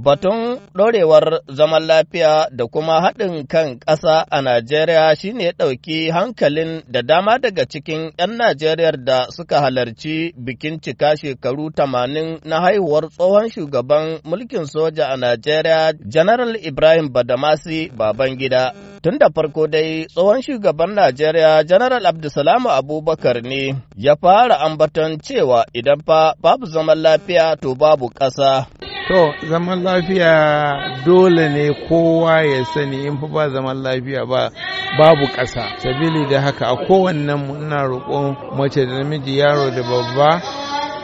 Batun ɗorewar zaman lafiya da kuma haɗin kan ƙasa a Najeriya shine ɗauki hankalin da dama daga cikin 'yan Najeriyar da suka halarci bikin cika shekaru tamanin na haihuwar tsohon shugaban mulkin soja a Najeriya, General Ibrahim Badamasi Babangida. Tun da farko dai tsohon shugaban Najeriya General Abdulsalamu Abubakar ne ya fara ambaton cewa idan fa babu zaman lafiya to babu ƙasa. To, zaman lafiya dole ne kowa ya sani in fa ba zaman lafiya ba babu ƙasa. Sabili da haka a kowannan muna ina roƙon mace da namiji yaro da babba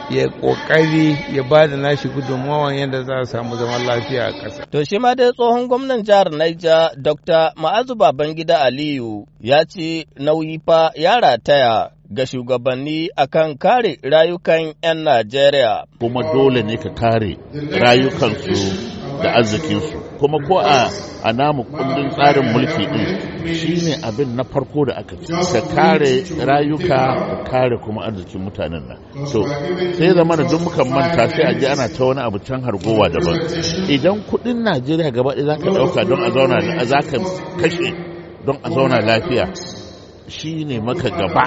ya kokari ya ba da nashi gudunmawan yadda za a samu zaman lafiya a ƙasa. To shi ma dai tsohon gwamnan jihar Naija Dr. Ma'azu Babangida Aliyu ya ce nauyi fa ya rataya ga shugabanni akan kare rayukan 'yan Najeriya. Kuma dole ne ka kare rayukansu da arzikinsu. kuma ko a a namu kundin tsarin mulki din shine abin na farko da aka ci ka kare rayuka ka kare kuma arzikin mutanen nan so sai zama da duk muka manta sai a ji ana ta wani abu can hargowa daban idan kudin Najeriya gaba ɗaya ka dauka don zaka kashe don a zauna lafiya shi ne maka gaba.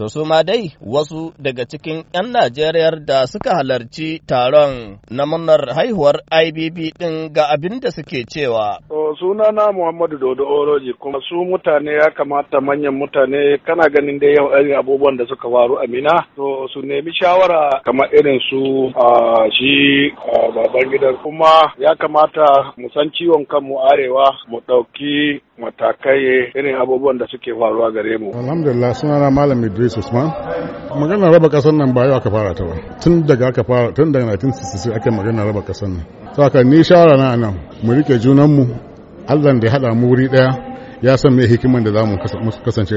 To su ma dai wasu daga cikin 'yan Najeriyar da suka halarci taron na murnar haihuwar IBB ɗin ga abin da suke cewa. To sunana Muhammadu Dodo Oroji kuma su mutane ya kamata manyan mutane kana ganin da yau ɗari abubuwan da suka waru Amina to su nemi shawara kamar irin su a shi baban gidan kuma ya kamata mu san ciwon kanmu arewa mu ɗauki matakai irin abubuwan da suke faruwa gare mu. Alhamdulillah sunana Malam Idris Usman. Magana raba kasar nan ba yau aka fara ta ba. Tun daga aka fara tun daga 1966 ake magana raba kasar nan. Saka ni shawara na nan mu rike junan mu Allah da ya hada mu wuri daya ya san me hikiman da za mu kasance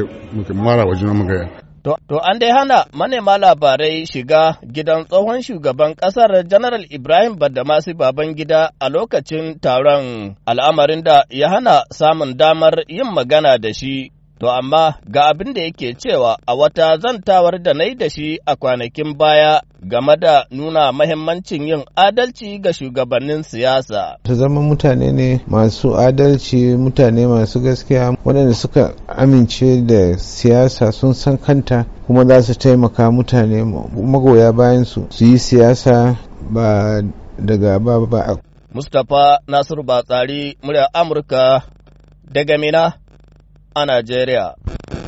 mara wa junan mu gaya. To an dai hana manema labarai shiga gidan tsohon shugaban ƙasar Janaral Ibrahim Badamasi Babangida a lokacin taron al'amarin da ya hana samun damar yin magana da shi. To amma ga abin da yake cewa a wata zantawar da na yi da shi a kwanakin baya game da nuna mahimmancin yin adalci ga shugabannin siyasa. Ta zama mutane ne masu adalci mutane masu gaskiya waɗanda suka amince da siyasa sun san kanta kuma za su taimaka mutane magoya bayan su yi siyasa ba daga ba ba. Mustapha Nasiru Batsari, murya Amurka daga Mina. a Najeriya.